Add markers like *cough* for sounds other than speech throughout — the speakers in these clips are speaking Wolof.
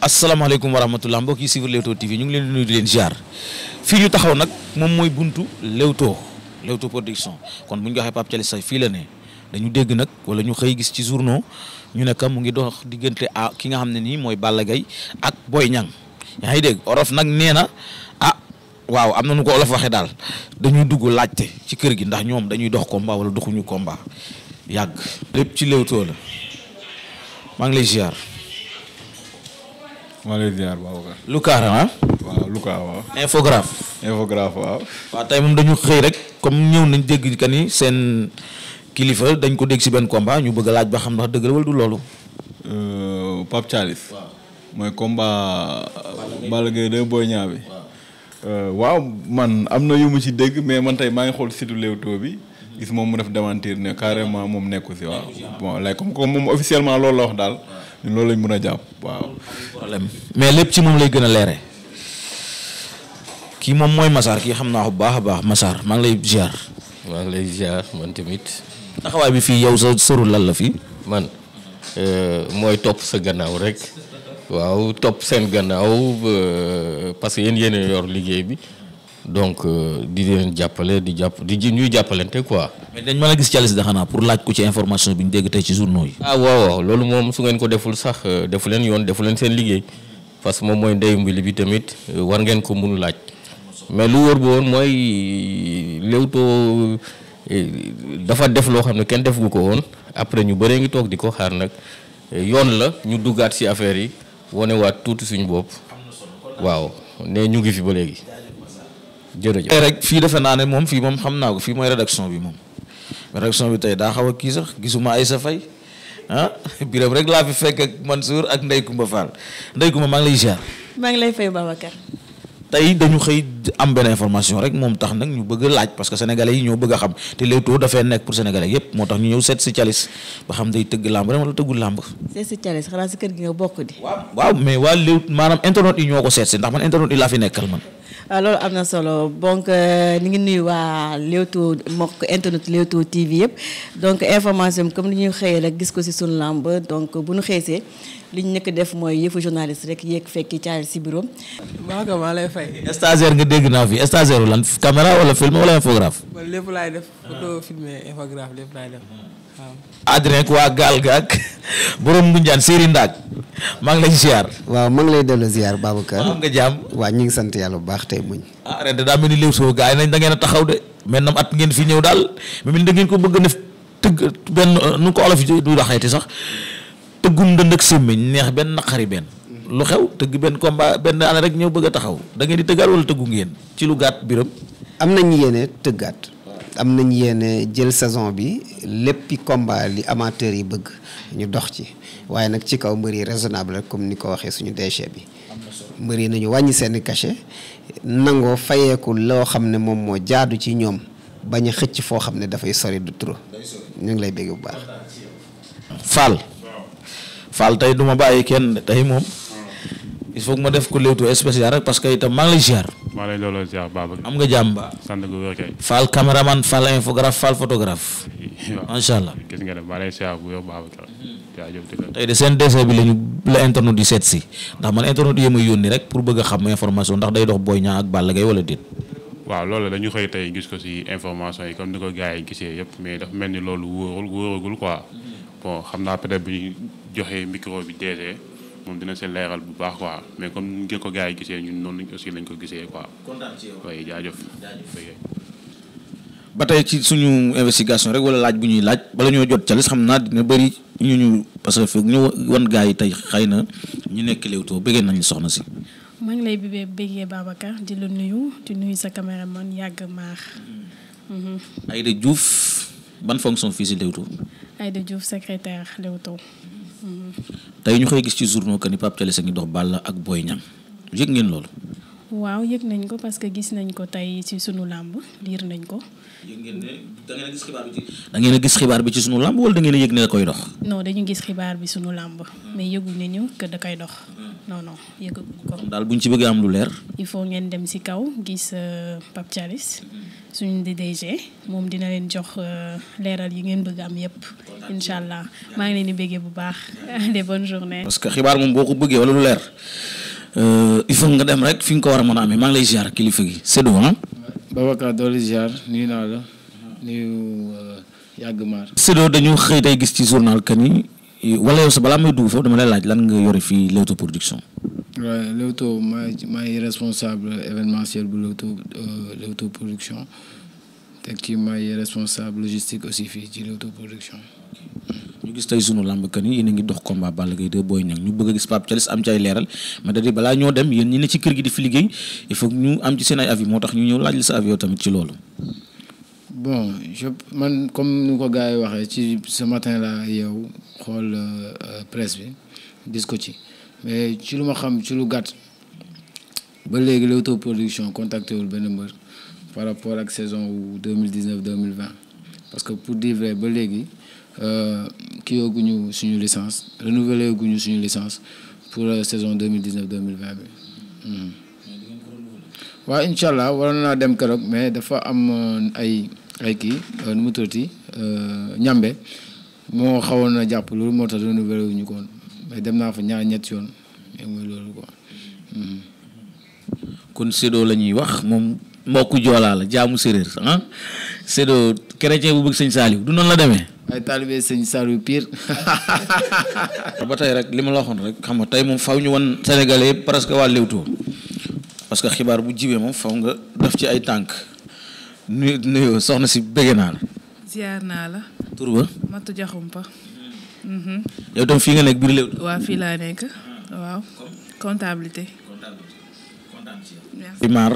asalaamaaleykum wa rahmatulah mbokk yi suivre Leewtoo TV ñu ngi leen di nuyu di leen ziar fii ñu taxaw nag moom mooy buntu Leewtoo Leewtoo production kon mu ñu ko waxee Pape Thialis fii la ne dañu dégg nag wala ñu xëy gis ci journaux ñu ne mu ngi dox diggante a ki nga xam ne nii mooy Balla gay ak Boy Niang yaa ngi dégg olof nag nee na ah waaw am na nu ko olof waxee daal dañuy dugg laajte ci kër gi ndax ñoom dañuy dox combat wala doxuñu komba yàgg. lépp ci lewto la maa ngi lay ziar. maa ngi lay ziar Babacar. Lukaar ah. waaw Lukaar waaw. infographe. infographe waaw. tey moom dañu xëy rek comme ñëw nañ dégg que ni seen kilifa dañ ko dégg si benn combat ñu bëgg laaj ba xam ndax dëgg la wala du loolu. Euh, Pape Thialis. mooy combat. Euh, Balla Gaye 2 Boy Niang bi. Euh, waaw man am na yu mu ci dégg mais man tey maa ngi xool surtout Leewtoo bi. gis moom mu def démentir ne carrément moom nekku si waaw. bon lay comme comme moom officiellement loolu la wax daal. loolu lañ mën a jàpp waaw. mais lépp ci moom lay gën a leere kii moom mooy Massar kii xam naa ko bu baax a baax Massar maa ngi lay ziar. maa ngi lay ziar man tamit. taxawaay bi fii yow sa sëru lan la fii. man euh, mooy topp sa gannaaw rek waaw topp seen gannaaw euh, parce que yéen yéen yor liggéey bi. donc euh, di leen jàppale di jàpp di ñuy jàppalante quoi. mais dañ mën a gis Thialis Daxana pour laaj ko ci information bi ñu dégg tey ci journaux yi. ah waaw waaw loolu moom su ngeen ko deful sax euh, defu leen yoon defu leen seen liggéey parce que moom mooy ndeyu mbili bi tamit euh, war ngeen ko mënu laaj mais lu wër bu woon mooy Leewtoo dafa def loo xam ne kenn def gu ko woon après ñu bëree ngi toog di ko xaar nag yoon la ñu duggaat ci affaire yi wane waat tuuti suñu bopp waaw jërëjëf tey rek fii defe naa ne moom fii moom xam naa ko fii mooy rédaction bi moom rédaction bi tey daa xaw a kii sax gisuma ay sa fay ah *laughs* biram rek laa fi fekk ak Mansour ak Ndeye Coumba Fall Ndeye Coumba maa ngi ngi lay fay Babacar. tey dañu xëy am ñu bëgg laaj parce que sénégalais yi ñoo bëgg a xam te Leewtoo dafay nekk moo tax ñu ñëw seet si Thialis ba xam day tëgg làmb rek wala tëggul làmb. seet si Thialis xanaa si kër gi nga bokk di. waaw waaw mais waa Leewtoo maanaam internet yi ñoo ko seet si ndax man internet yi laa fi nekkal man. Ah, loolu am na solo bonk euh, ñu ngi nuyu waa Leewtoo mbokk internet Leewtoo TV yëpp donc information comme li ñuy xëyee rek gis ko ci sunu làmb donc bu ñu xëysee li ñu nëkk def mooy yëfu journaliste rekk yéeg fekki caal si bureau. maa ko maa lay fay. stagiaire nga dégg naa fi stagiaire lan caméra wala film wala infographe. lépp laay def. photo filmé infographe lépp laay def. adrien ak waa gaal ga boroom *laughs* borom Ngunjaan séeri ndaag maa ngi lay ziar. waaw maa ngi lay dellu ziar Babacar. am nga jaam waa ñu ngi sant yàlla bu baax tey muñ. a ah, ren de daa mel ni léew soo gaa yi nañ da ngeen a taxaw de maintenant at ngeen fi ñëw daal mais mel da ngeen ko bëgg a tëgg benn euh, nu ko olof du waxeeti sax tëggum dënd ak sëmmiñ neex benn naqari benn. lu xew tëgg benn combat benn année rek ñëw bëgg a taxaw da ngeen di tëggaat wala tëggu ngeen ci lu gàtt biram am ñu yéene tëggaat. am nañ yéene jël saison bi léppi combat li amateurs yi bëgg ñu dox ci waaye nag ci kaw mbër yi raisonnable rek comme ni ko waxee suñu déchet bi mbër yi nañu wàññi seen cachet nangoo fayeeku loo xam ne moom moo jaadu ci ñoom bañ a xëcc foo xam ne dafay sori du trop ñu ngi lay bégg bu baax Fall Fall tey duma bàyyi kenn tey moom il faut ma def ko Leewtoo spécial rek parce que itam maa ngi lay ziar. maa lay looloo ziar am nga jàmm ba. sant gu wér kay. Fall caméraman Fall *laughs* allah. gis nga ne maa lay ziar bu wér Baba. tey de seen DC bi lañu la internet yi seet si ndax man internet yi may yónni rek pour bëgg xam information ndax day dox Boy Niang ak Balla Gaye wala déet. waaw loolu dañu xëy tey gis ko ci information yi comme ni ko gars gisee yëpp mais dafa mel ni loolu wóorul wóoragul ko mm-hmm. bon xam naa peut-être bu ñu moom dina si leeral bu baax quoi mais comme ni ko gars yi gisee ñun noonu aussi lañ ko gisee quoi. kontaan ba tey ci suñu investigation rek wala laaj bu ñuy laaj bala ñoo jot ca lis xam naa dina bëri ñu ñu parce que foog ñu wan gaa yi tey xëy na ñu nekk Leewtoo bëggee nañu soxna si. maa ngi lay bébee bëggee Babacar di la nuyu di nuyu sa caméraman yàgg maar. Aïda Diouf ban fonction fii si Leewtoo. Aïda Diouf secrétaire Leewtoo. tey ñu koy gis ci journaux que ni Pape Thialis a ngi dox Balla ak booy Niang yëg ngeen loolu. waaw yëg nañ ko parce que gis nañ ko tey ci suñu làmb liir nañ ko. dangeen gis xibaar bi ci. da ci sunu làmb wala da ngeen a yëg ne da koy dox. non dañu gis xibaar bi suñu làmb. mais yëgu nañu que da koy dox. Hmm. non non yëgaguñ ko. daal buñ ci bëggee am lu leer. il faut ngeen dem ci kaw gis euh, Pape Thialis hmm. suñu DG moom dina leen jox euh, leeral yi ngeen bëgg am yépp incha allah maa ngi leen di bëggee bu baax. de hmm. bonnes journées. parce que xibaar moom boo ko bëggee wala lu leer. Euh, il faut nga dem rek fi nga ko war a mën a amee maa ngi lay ziar kilifa gi Sédhiou ah. Babacar doole ziar nuyu naa la nuyu euh, yàgg maar. Sédhiou dañu xëy tey gis ci journal que ni wala yow sa balaa may dugg foofu dama lay laaj lan nga yore fii Leewtoo production. waaw Leewtoo maay maay responsable événementiel bu Leewtoo euh, Leewtoo production teg ci maay responsable logistique aussi fii ci Leewtoo production. ñu gis sunu lamb kan yi ngi dox combat Balla Gaye 2 Boy Niang ñu bëgg a gis Pape Thialis am ci leeral mais da di balaa ñoo dem yéen ñi ne ci kër gi di fi liggéey il faut ñu am ci seen ay avis moo tax ñu ñëw laaj la sa avis tamit ci loolu bon je man comme ni ko gars waxee ci ce matin la yow xool euh, euh, presse bi gis ko ci mais ci lu ma xam ci lu gàtt ba léegi Leewtoo production contacté wul benn mbër par rapport ak saison wu 2019 2020 parce que pour dire ba léegi Euh, kii guñu suñu licence renouveler guñu suñu licence pour euh, saison deux mil dix neuf deux mille vingt bi. waaw hmm. incha allah waroon naa dem keroog mais dafa am euh, ay ay kii nu mu tuddati ñambe moo xawoon na jàpp loolu moo tax renouveler wuñu ko woon mais dem naa fa ñaar ñett yoon mais mooy loolu quoi. Hmm. kon Sédho la ñuy wax moom mbokk joolaa la jaamu séréer ah Sédho chrétien bu bëgg sëñ Saliou du noonu la demee. ay taalibe sëñ Saliou Pire. *laughs* ba tey rek li ma la waxoon rek xam nga tey moom faw ñu wan Sénégalais yëpp presque waa Leewtoo parce que xibaar bu jibee moom faw nga def ci ay tànk nuyu nuyoo soxna si bëgg naa la. ziar naa la. tur ba. Matu Jaxumpa. Mm-hmm. Mm-hmm. nekk biir fii laa nekk waaw.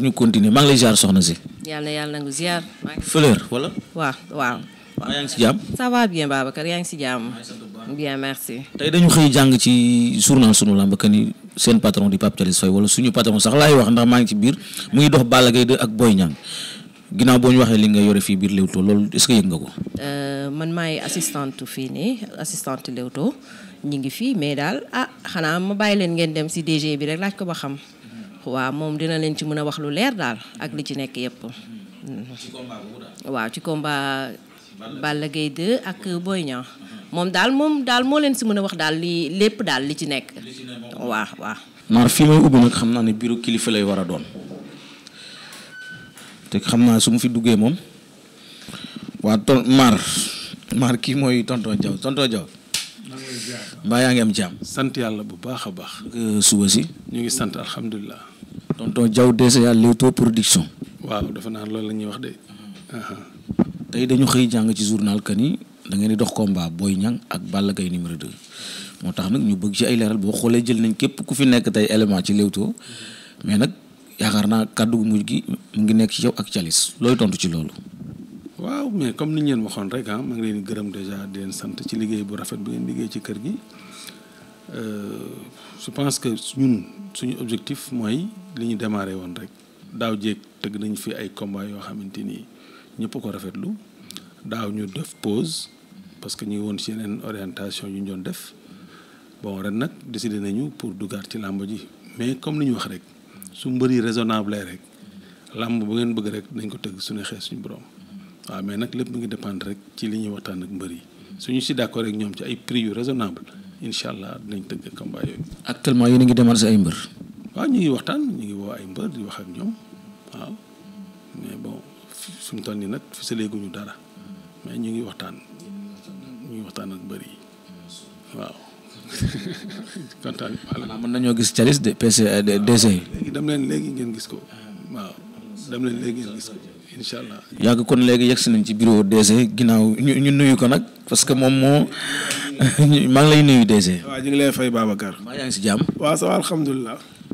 ñu continuer maa ngi lay ziar soxna si. yàlla yàlla na nga ziar. fleur wala. waaw waaw. waaw yaa ngi si jàmm. ça va yaa ngi si jàmm. tey dañu xëy jàng ci journal sunu làmb ba ni seen patron di Pape Thialis Faye wala suñu patron sax laay wax ndax maa ngi ci biir mu ngi dox Balla Gaye 2 ak Boy Niang ginnaaw boo ñu waxee li nga yore fii biir Leewtoo loolu est-ce que yëg nga ko. Euh, man maay assistante fii nii assistante Leewtoo ñu ngi fii mais daal ah xanaa ma bàyyi leen ngeen dem si DG bi rek laaj ko ba xam. waa moom dina leen ci mën a wax lu leer daal ak li ci nekk yëpp. Balla Gaye 2 ak Boy Niang moom daal moom daal moo leen si mën a wax daal li lépp daal li ci nekk waa waaw naar fii may ubbi nag xam naa ne biiru kilifa lay war a doon te xam naa su mu fi duggee moom waa ton maar maar kii mooy tonton Diaw tonton Diaw mbaa yaa ngi am jàmm sant yàlla bu baax a baax euh, suba si ñu ngi sant alhamdulilah tonton Diaw DCA Leewtoo production waaw dafa naa loolu la wax de tey dañu xëy jàng ci journal que ni da ngeen di dox combat Boy Niang ak Balla Gaye numéro 2 moo tax nag ñu bëgg ci ay leeral boo xoolee jël nañ képp ku fi nekk tey élément ci Leewtoo mais nag yaakaar naa kàddu gu mujj gi mu ngi nekk ci yow ak calis looy tontu ci loolu. waaw mais comme ni ñu leen waxoon rek ah maa ngi leen di gërëm dèjà di leen sant ci liggéey bu rafet bi ngeen liggéey ci kër gi euh, je pense que ñun suñu objectif mooy li ñu démarré woon rek daaw jéeg tëgg nañ fi ay combat yoo xamante ni. ñëpp ko rafetlu daaw ñu def pose parce que ñu ngi woon ci yeneen orientation yu ñu doon def bon ren nag décidé nañu pour dugaat ci làmb ji mais comme ni ñu wax rek su mbër yi raisonnable rek làmb bu ngeen bëgg rek nañ ko tëgg suñu xees suñu borom waaw mais nag lépp mu ngi dépendre rek ci li ñuy waxtaan ak mbër yi suñu si d'accord rek ñoom ci ay prix yu raisonnable incha allah dinañ tëgg combat yooyu. actuellement yéen a ngi démarrer ay mbër. waa ñu ngi waxtaan ñu ngi woo ay mbër di wax ak ñoom waaw mais suñu toll yi nag fësaleeguñu dara ñu ngi waxtaan ñu ngi waxtaan ak bëri yi waaw. *laughs* kontaan mën nañoo gis Thialis de PC euh, DC. léegi dem leen léegi ngeen gis ko waaw leen léegi ngeen gis yàgg kon léegi yegg si nañ ci bureau DC ginnaaw ñu ñu nuyu ko nag parce que moom moo *laughs* maa ngi lay nuyu DC. waaw ñu ngi lay fay Babacar. maa yaa ngi si jàmm. waaw ça va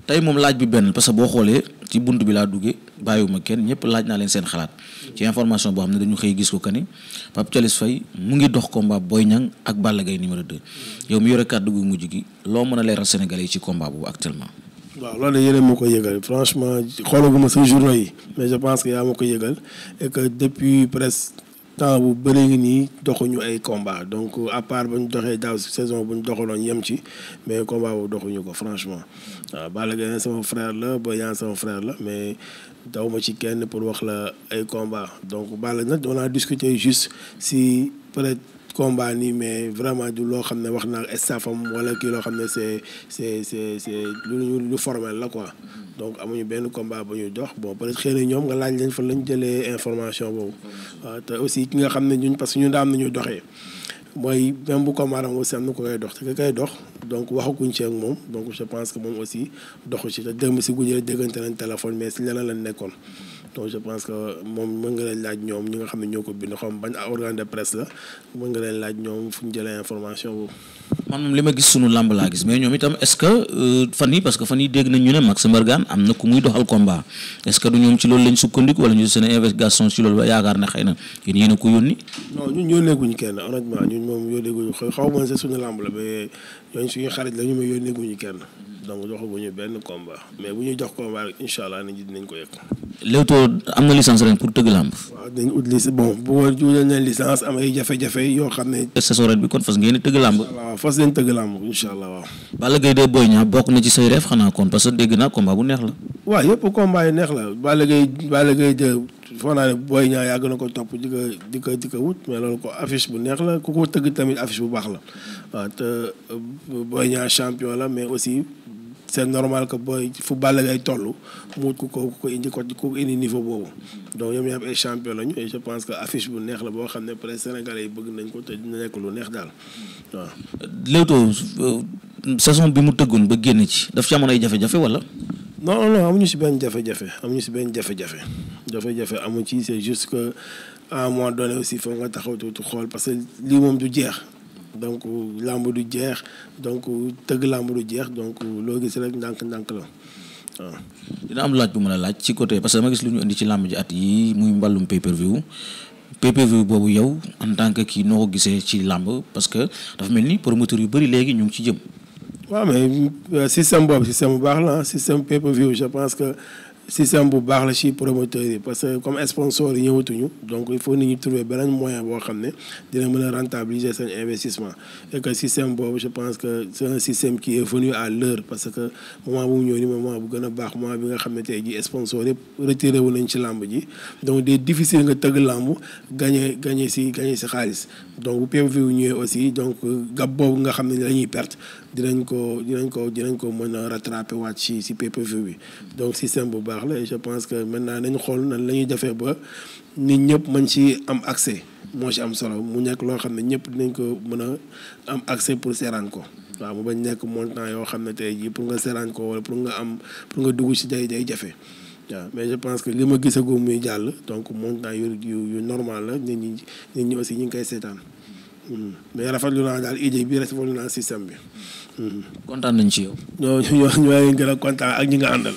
tey moom laaj bi benn parce que boo xoolee ci bunt bi laa duggee. bàyyiwuma kenn ñëpp laaj naa leen seen xalaat ci information boo xam ne dañu xëy gis ko kani Pape Thialis Faye mu ngi dox combat Boy Niang ak Balla Gaye numéro 2 yow mi yore kàddu gu mujj gi loo mën a leeral Sénégalais yi ci combat boobu actuellement. waaw loolu yéen moo koy yëgal franchement xoolaguma sa journaux yi mais je pense que yaa ma ko yëgal et depuis presque. temps bu bëri ngi nii doxuñu ay combat donc à part bu ñu doxee daaw saison bu ñu doxaloon yem ci mais combat bu doxuñu ko franchement waaw Balla Gaye sama frère la Boy Niang sama frère la mais daw ma ci kenn pour wax la ay combat donc Balla nag on a discuté juste si peut-être combat nii mais vraiment du loo xam ne wax naa staffam wala kii loo xam ne c'est c'est c'est c'est lu lu formel la quoi donc amuñu benn combat ba ñuy dox bon peut être xëy ñoom nga laaj leen fan lañ jëlee information boobu waaw euh, te aussi ki nga xam ne ñun parce que ñun daa na ñuy doxee mooy même bu combat am aussi am na ko koy dox te ka koy dox donc waxaguñ ci ak moom donc je pense que moom aussi doxu ci te démb si guddi la déggante nañ téléphone mais si leneen lañ nekkoon donc je pense que moom mën nga leen laaj ñoom ñi nga xam ne ñoo ko bind xam bañ organe de presse la mën nga leen laaj ñoom fu ñu information boobu. man li ma gis sunu làmb laa gis mais ñoom itam est-ce que euh, fan yi parce que fan yi dégg nañ ñu ne Max Mbargane am na ku muy doxal combat est-ce que du ñoom ci loolu lañ sukkandiku wala ñu seen investigation ci loolu ba yaakaar ne xëy na yéen yéen a ko yónni. non ñun yónneeguñ kenn honnêtement ñu ma yónneeguñ kenn. donc joxaguñu benn combat mais bu ñu jox combat rek incha allah nit ñi dinañ ko yëg. Leewtoo am na licence ren pour tëgg làmb. waaw dañ ut licence bon bu ma jëlee leen licence am ay jafe-jafe yoo xam ne. saison ren bi kon fas ngeen tëgg làmb. waaw fas leen tëgg làmb incha allah waaw. Balla bokk na ci say ref xanaa parce que dégg naa combat bu neex la. yi neex la Balla Gaye Balla Gaye 2 foo naa ne Boy Niang yàgg na ko topp di ko di ko di wut mais loolu ko affiche bu neex la ku ko tëgg tamit affiche bu baax la waaw te Boy Niang champion la mais aussi. c'est normal ko booy fu Balla Gaye toll mu ko ko ko indi ko ko indi niveau boobu donc ñoom ñoo ay champion lañu et je pense que affiche bu neex la boo xam ne peut-être sénégalais yi bëgg nañ ko te dina nekk lu neex daal waaw. Leewtoo euh, saison bi mu tëggoon ba génn ci daf ci amoon ay jafe-jafe wala. non non amuñu si benn jafe-jafe amuñu si benn jafe-jafe jafe-jafe amu ci c'est juste que à un moment donné aussi foog nga taxaw tuuti xool parce que lii moom du jeex. donc làmb du jeex donc tëgg làmb du jeex donc loo gis rek ndànk-ndànk la waaw. dina am laaj bu mën a laaj ci côté parce que dama gis lu ñu indi ci làmb ji at yi muy mbàllum pay per boobu yow en tant que kii noo ko gisee ci làmb parce que dafa mel ni promoteur yu bëri léegi ñu ngi ci jëm. waaw mais euh, système boobu système bu baax la système PPV je que système bu baax la ci promoteurs yi parce que comme sponsor yi ñëwatuñu donc il faut nit ñi trouver beneen moyen boo xam ne dina mën a rentabiliser seen investissement et que système boobu je pense que c'est un système qui est venu à l'heure parce que moment bu ñëw ni moment bu gën a baax moment bi nga xam ne tey jii sponsor yëpp retiré wu nañ ci làmb ji donc des difficile nga tëgg làmb gagné gagné si gagné ci xaalis donc bu PPV ñëwee aussi donc gab boobu nga xam ne la ñuy perte dinañ ko dinañ ko dinañ ko mën a rattrapé waat ci ci PPV bi donc système bu baax la je pense que maintenant nañ xool nañ la ñuy defee ba nit ñëpp mën ci am accès moo ci am solo mu nekk loo xam ne ñëpp dinañ ko mën a am accès pour seeraan ko waaw mu bañ nekk montant yoo xam ne tey jii pour nga seeraan ko wala pour nga am pour nga dugg ci day day jafe waaw mais je pense que li ma gisagoo muy jàll donc montant yu yu normal la nit ñi nit ñi aussi ñu ngi koy seetaan mais rafetlu a daal idée bi rafetlu naa système bi. kontaan nañ ci yow. ñoo ñoo ñoo ngi gën a ak ñi nga àndal.